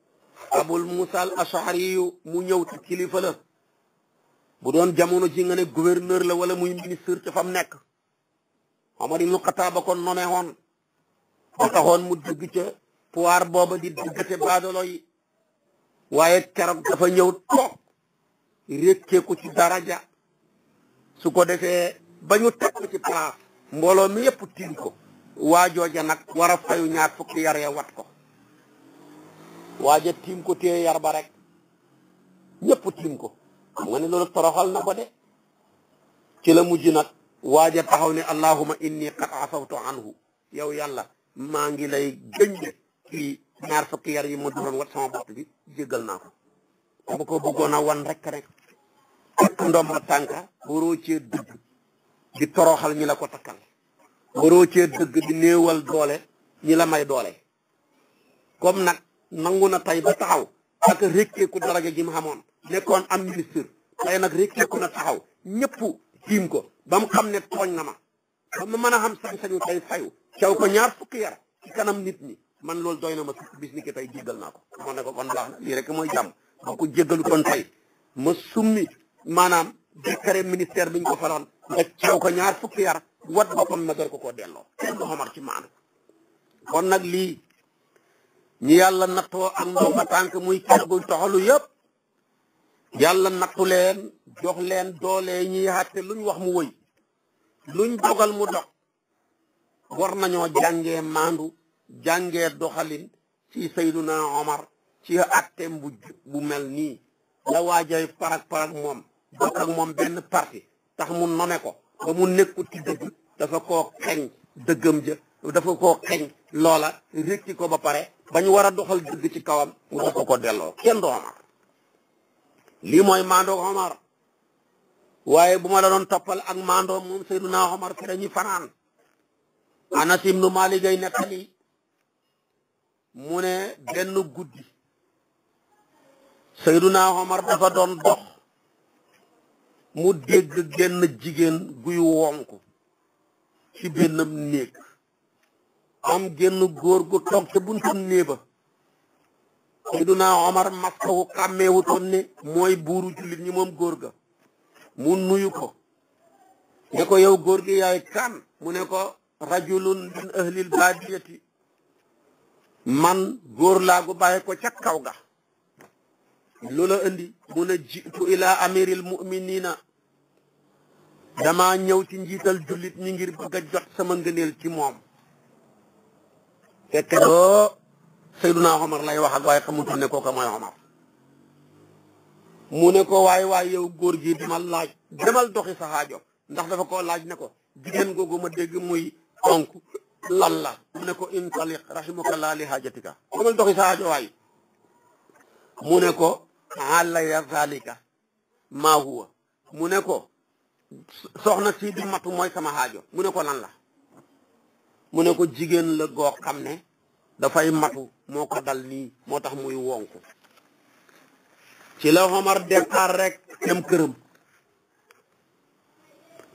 [SPEAKER 1] abul musa al ashari mu ñëw kilifa la bu doon jamono ji nga ne gouverneur la wala muy ministre te nekk Omar ibnu Xataab ko nome woon ba taxoon mu dëgg ca pouvoir booba di dëggate baadolo yi waaye keroog dafa ñëw toog réccee ko ci daraja su ko defee ba ñu teg ci place mbooloo mi yëpp tiim ko waa jooja nag war a fayu ñaar fukki yar ya wat ko waaja tiim ko téye yar ba rek ñëpp tiim ko xam nga ne loolu toroxal na ko de ci la mujj nag waja taxaw ne allahuma inni qad afawtu anhu yow yalla ma ngi lay gëñ ci ñaar fukki yar yi ma doon wat sama bokk bi jéggal naa ko dama ko bëggoon a wan rek rek ndom ndomba tànka waroo cee dëgg di toroxal ñi la ko takkal waroo cee dëgg di néewal doole ñi la may doole comme nag nangu na tey ba taxaw ak rékkeeku daraja gi mu xamoon nekkoon am ministre tey nag na taxaw ñëpp tiim ko ba mu xam ne tooñ na ma ba ma mën a xam sañ-sañu tey fayu caw ko ñaar fukki yar kanam nit ñi man loolu doy na ma sukk bis ni ki jéggal naa ko man ko kon baax na lii rek mooy jàmm ma ko jéggalu kon ma summi maanaam décret ministère bi ko faroon nga ko ñaar fukki yar wat boppam ma door ko koo delloo kenn du xamar ci kon nag lii ñu yàlla nattoo ak ndox muy kër guy yëpp yàlla nattu leen jox leen doole ñiy lu luñ wax mu wëy luñ dogal mu dog war nañoo jàngee maandu jàngee doxalin ci sayduna omar ci atteem bu bu mel nii la waajay parak-parak moom bokk moom benn parti tax mu nome ko ba mu nekkut ci dafa koo xeñ dëggam jë dafa ko xeñ loola rékki ko ba pare bañ war a doxal dëgg ci kawam nga ko ko delloo kenn doo lii mooy maandoog Omar waaye bu ma la doon toppal ak maandoom moom Seydina Omar fi dañuy fanaan a ibnu Malik ay nettali mu ne benn guddi Seydina Omar dafa doon dox mu dégg genn jigéen guy wonk ci benn néeg am genn góor gu toog ca buntu néeba Seydina Omar maskawu xàmmeewutoon ne mooy buuru jullit ñi moom góor ga mu nuyu ko ne ko yow góor gi yaay kan mu ne rajulun min ahlil baadiyati man góor laa gu bàyyi ko ca kaw ga loola mu mun a jiitu ila amiril muminina dama ñëw ci njiital jullit ñi ngir bëgg jot sama ngëneel ci moom fekk doo Seydunaa Omar lay waxal waaye xamutul ne kooka mooy Omar mu ne ko waaye waaye yow góor gi demal laaj demal doxi sa xaajo ndax dafa koo laaj ne ko jigéen googu ma dégg muy onk lan la mu ne ko intaliq rahimuka laa li xaajo waay mu ne ko alaya zalika maa huwa mu ne ko soxna si matu mooy sama xaajo mu ne ko lan la mu ne ko jigéen la goo xam ne dafay matu moo ko dal nii moo tax muy wonku ci la Omar départ rek dem këram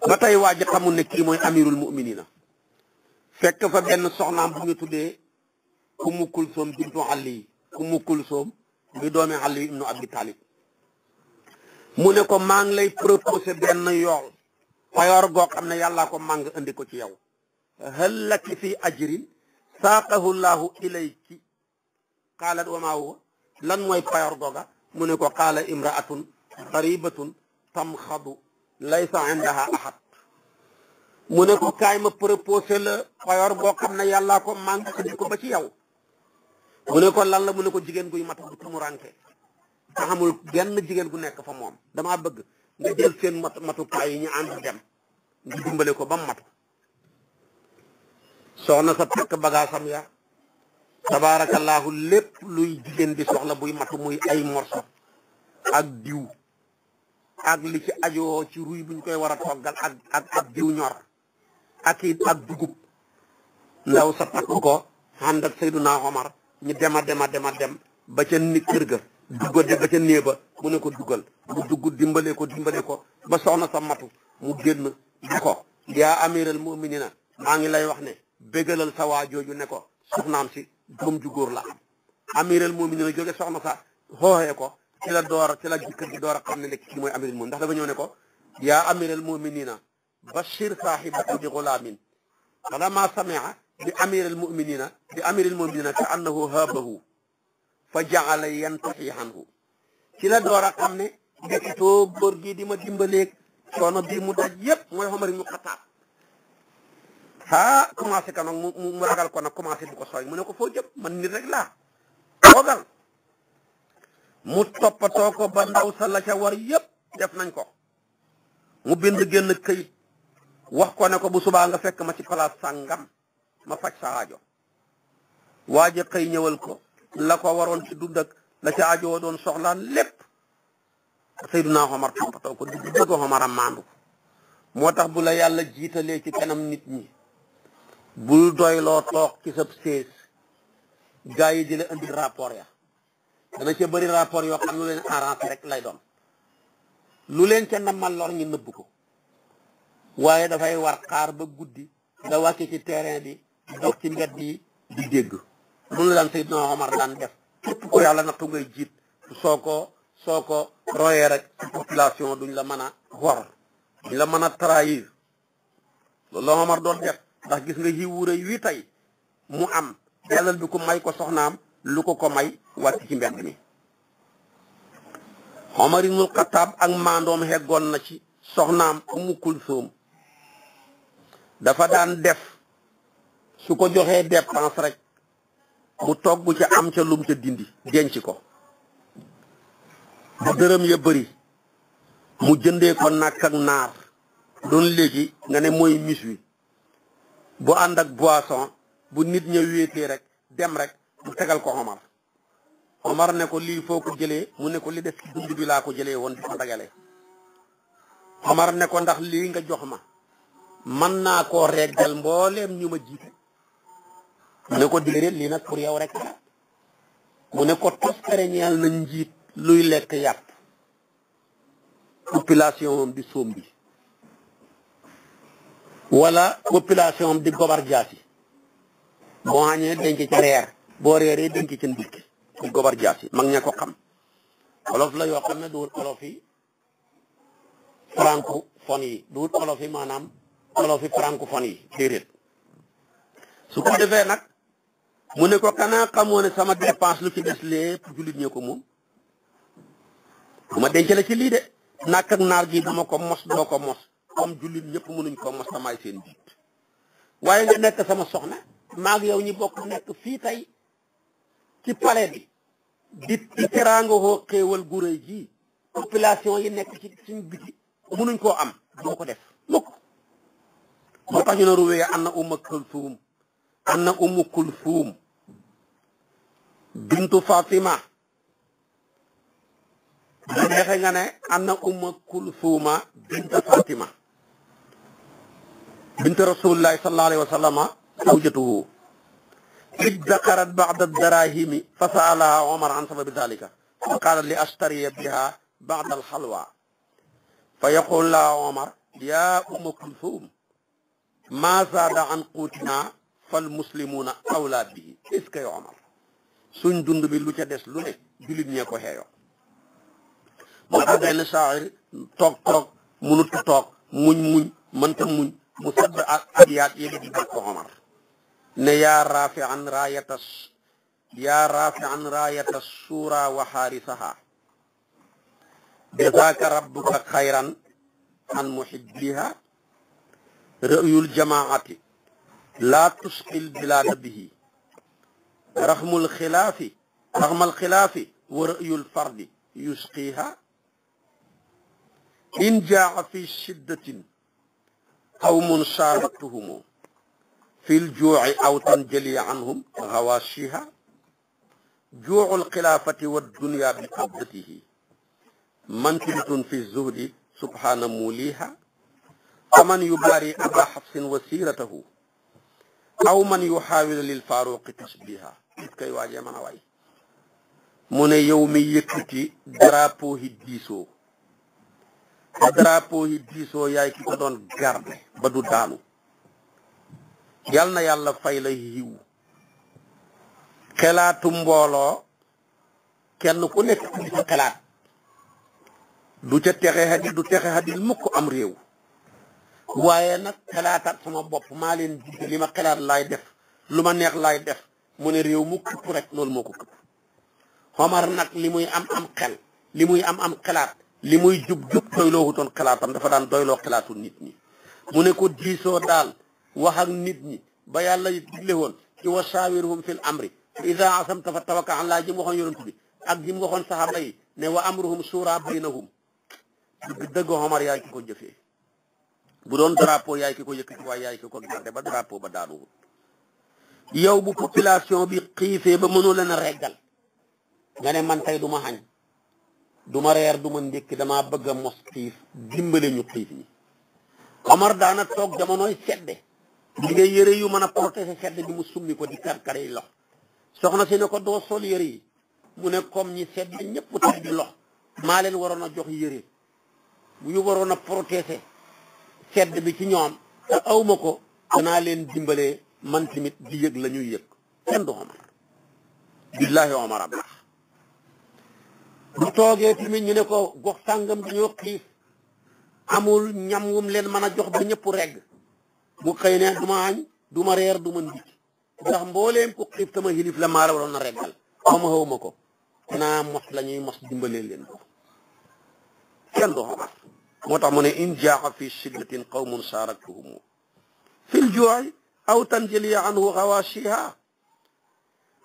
[SPEAKER 1] ba tey waa ji xamul ne kii mooy amirul muminina fekk fa benn soxnaam bu ñu tuddee Ummu Kulsoom bintu Ali Ummu Kulsoom muy doomi Ali ibnu mu ne ko maa ngi lay proposé benn yool payoor goo xam ne yàllaa ko màng indi ko ci yow hal laki fii saaqahu llahu ilayki qaalat wa maa lan mooy payor googa mu ne ko qaala imraatun xaribatun tamxadu laysa indaha ahad mu ne ko kaay ma proposé la payor boo xam ne yàllaa ko mànk ko ba ci yow mu ne ko lan la mu ne ko jigéen guy mat bu tumuranke te genn jigéen gu nekk fa moom damaa bëgg nga jël seen mat matukaay yi ñu dem nga dimbale ko ba mu matu soxna sa tak bagasam ya tabarakallah lepp luy jigen bi soxla buy mat muy ay morso ak diw ak li ci ajoo ci ruy buñ koy wara togal ak ak diw ñor ak it ak dugub ndaw sa tak ko ak ñu dema dema dema dem ba ca ni kër ga dugga de ba ca neba mu ne ko duggal mu dugg dimbalé ko dimbalé ko ba soxna sa matu mu genn ko ya amiral muminina ma ngi lay wax ne bégalal sa waa jooju ne ko soxnaam si doom ju góor la am amiral moom ñu ne jóge soxna sa xooxee ko ci la door ci la jëkkër ji door a xam ne nekk kii mooy amiral moom ndax dafa ñëw ne ko yaa amiral muminina bashir saahibaka bi gulaamin falamma samia bi amiral muminina bi amiral muminina ka annahu haabahu fa jaala yantahi anhu ci la door a xam ne nekk góor gi di ma dimbaleeg coono bii mu daj yépp mooy xomar ñu xataat ha commencé kan mu mu ragal ko nag commencé diko soy sooy mu ne ko fo jëm man nit rek la toogal mu topato ko ba ndaw sa la ca war yépp def nañ ko mu bind génn këyit wax ko ne ko bu suba nga fekk ma ci place sangam ma faj sa aajo waa ji ñewal ko la ko waron ci dund ak la ca aajo doon soxla lepp sayyiduna Omar ko dugg dëgg Omar amandu motax bu la yalla jitalé ci kanam nit ñi bul doyloo toog ci sab sées gars yi di la indi rapport ya dana ca bëri rapport yoo xam lu leen arrangé rek lay doon lu leen ca namal lor ñu nëbbu ko waaye dafay war xaar ba guddi da wàcce ci terrain bi dox ci mbedd yi di dégg loolu la daan Seydina Omar daan def képp ko yàlla nattu ngay jiit soo ko soo ko royee rek population duñ la mën a wor duñ la mën a trahir loolu la Omar doon def ndax gis nga yiw wu rëy tey mu am yàlla bi ko may ko soxnaam lu ko ko may wàcc ci mbedd mi Omar ibnul ak maandoom heggoon na ci soxnaam Umu Kulsum dafa daan def su ko joxee dépense rek mu togg ca am ca lum ca dindi denc ko dërëm ya bëri mu jëndee ko nàkk ak naar doon léegi nga ne mooy mis wi bu ànd ak boisson bu nit ña wéetee rek dem rek mu tegal ko Omar Omar ne ko lii foo ko jëlee mu ne ko li def ci dund laa ko jëlee woon di ko dagale Omar ne ko ndax lii nga jox ma mën naa ko reggal mbooleem ñu ma jiite mu ne ko déedéet lii nag pour yow rek mu ne ko tos ñeel na njiit luy lekk yàpp population am di soom wala population am di gobar jaasi boo xañee denc reer boo reeree denc ci ndikk di gobar jaasi mag ña ko xam olof la yoo xam ne duwul olof yi francophone yi duwul olof yi maanaam olof yi francophone su ko defee nag mu ne ko kanaa xamoo sama dépense lu ci des lépp jullit ñee ko moom ma denc la ci lii de nakk ak naar gi dama ko mos doo ko mos moom jullit ñëpp nuñ ko mos samaay seen jiit waaye nga nekk sama soxna maag yow ñi bokk nekk fii tey ci palais bi di di teraangoo xéewal gu rëy ji population yi nekk ci suñ biti mënuñ koo am doo ko def mukk moo tax ñu ne ruwee an na umma kulsuum an na ummu kulsuum bintu fatima neexee nga ne an na umma kulsuuma bintu fatima بنت رسول الله صلى الله عليه وسلم زوجته إذ ذكرت بعض الدراهم فسألها عمر عن سبب ذلك فقال لأشتري بها بعض الحلوى فيقول لها عمر يا أم كلثوم ما زاد عن قوتنا فالمسلمون أولى به إسك يا عمر سن جند bi ديس لوني des نيكو ne jullit ñee ko xeeyoo توق tax benn saahir من من مسبع أبيات يلي بك عمر نيا رافعا راية يا رافعا راية السورة وحارسها جزاك ربك خيرا عن محبيها رؤي الجماعة لا تشقي البلاد به رغم الخلاف رغم الخلاف ورؤي الفرد يشقيها إن جاء في شدة قوم شاركتهم في الجوع أو تنجلي عنهم غواشيها جوع الخلافة والدنيا بقبضته منزلة في الزهد سبحان موليها فمن يباري أبا حفص وسيرته أو من يحاول للفاروق تشبيها كي واجه من واي من يومي يكتي درابو هديسو sa drapeau yi diisoo yaay ki ko doon garde ba du daanu yal na yàlla fay la yiw xelaatu mbooloo kenn ku nekk ci du ca texe xadi mukk am réew waaye nag xelaataat suma bopp maa leen jiite li ma xelaat laay def lu ma neex lay def mu ne réew mu këpp rek loolu moo ko këpp li muy am am xel li muy am am xelaat li muy jub jub doyloohutoon xalaatam dafa daan doyloo xalaatu nit ñi mu ne ko diisoo daal wax ak nit ñi ba yàlla digle woon ci wa saawirhum fil amri fa ida asamta fa tawakkal alaa ji mu waxoon yonent bi ak ji mu waxoon saxaaba yi ne wa amruhum suuraa baynahum dëgg Omar yaay ki ko jëfee bu doon drapeau yaay ki ko yëkkati waaye yaay ki ko garde ba drapeau ba daanuwul yow bu population bi xiifee ba mënoo leen a reggal nga ne man tey du ma xañ du ma reer du ma ndékki damaa bëgg a mos xiif dimbale ñu xiif ñi Omar daana toog jamonoy sedde li ngay yëre yu mën a protéger sedd bi mu summi ko di karkar yi lox soxna si ne ko doo sol yëre yi mu ne comme ñi sedd ñëpp tey di lox maa leen waroon a jox yëre bu ñu waroon a protéger sedd bi ci ñoom te awma ko danaa leen dimbalee man tamit di yëg la ñuy yëg kenn du Omar billaahi Omar a baax bu toogee tamit ñu ne ko gox sàngam dañoo xiif amul ñam wum leen mën a jox ba ñëpp regg mu xëy ne duma du duma reer duma ndicc ndax mbooleem ku xiif sama xilif la maara waroon na reggal xawma ma ko naa mos la ñuy mos dimbalee leen ko kenn du xomar moo tax mu ne in jaaxa fi shiddatin qawmun saaraktuhumu fil juu'i aw tanjaliya anhu xawaashiha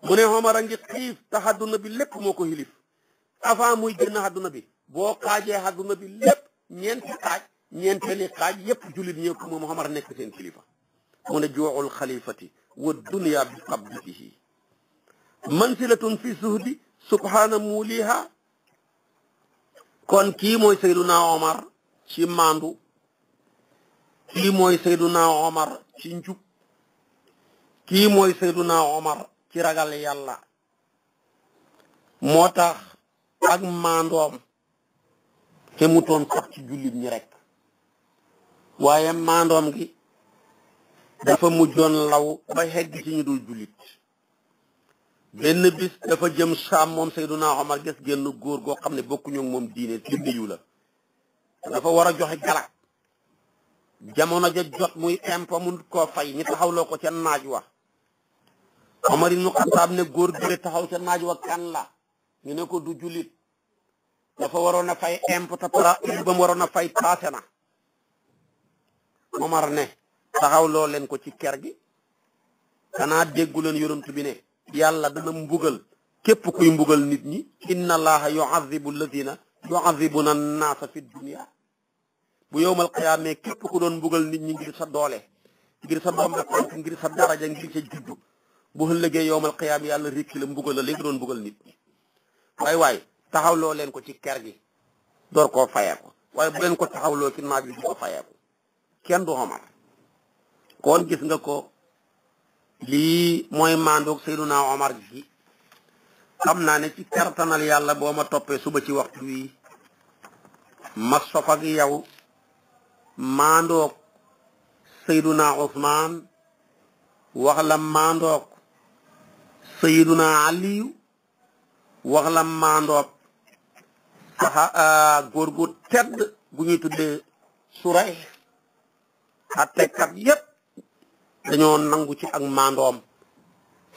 [SPEAKER 1] mu ne xomar a ngi xiif taxadduna bi lépp moo ko xilif avant muy génn àdduna bi boo xaajee àdduna bi lépp ñeenti xaaj ñeenteeli xaaj yépp jullit ñëpp moom Muhammad nekk seen kilifa mu juuxul xalifati wa dunya bi qabdihi mansilatun fi suhdi subhaana muuliha kon kii mooy Seyduna Omar ci maandu kii mooy Seyduna Omar ci njub kii mooy Seyduna Omar ci ragal yàlla moo tax ak maandoom xemutoon sax ci jullit ñi rek waaye maandoom gi dafa mujjoon law ba xegg ci ñu dul jullit benn bis dafa jëm saam moom Seydunaa Omar gis génn góor goo xam ne bokkuñu moom diine ci biyu la dafa war a joxe galak jamono ja jot muy impa mun koo fay ñi taxawloo ko ca naaj wa Omar ibnu Xattaab ne góor gi taxaw ca naaj wa kan la ñu ne ko du julit dafa waroon a fay impôt te ba waroon a fay passé na Momar ne taxaw loo leen ko ci ker gi danaa déggu leen yonent bi ne yàlla dana mbugal képp kuy mbugal nit ñi inna allaha yuazibu alladina na annaasa fi dunia bu yowmal qiyaamee képp ku doon mbugal nit ñi ngir sa doole ngir sa doom ak ngir sa daraja ngir sa juddu bu ëllëgee yowmal qiyaam yàlla rékki a mbugal a li doon mbugal nit ñi waay waay taxawloo leen ko ci ker gi door koo fayeeku waaye bu ko ko taxawloo ci naaj bi di ko fayeeku kenn du xomar kon gis nga ko lii mooy maandoog Seydunaa Omar gi xam naa ne ci kartanal yàlla boo ma toppee suba ci waxtu wi ma sof ak yow maandoog Seydunaa Ousmane wax la maandoog Seydunaa Aliyu wax la mandoog ah, góor gu tedd bu ñuy tuddee suray kat yépp dañoo nangu ci ak mandom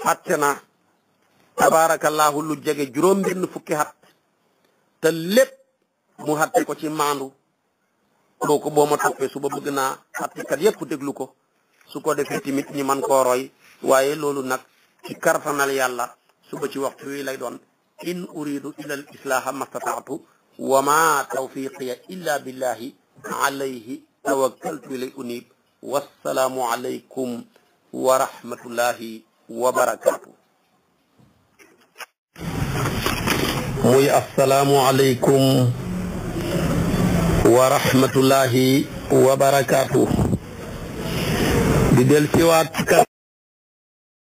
[SPEAKER 1] fàtte na tabarakallahu lu jégué juroom benn fukki hat té lépp mu hatté ko ci mandu loko boma topé su ba bëgg atté kat yépp déglu ko su ko défé timit ñi man ko roy wayé lolu nak ci kartanal suba ci waxtu wi lay doon إن أريد إلا الإصلاح ما استطعت وما توفيقي إلا بالله عليه توكلت إليه أنيب والسلام عليكم ورحمة الله وبركاته muy السلام عليكم ورحمة الله وبركاته بدل del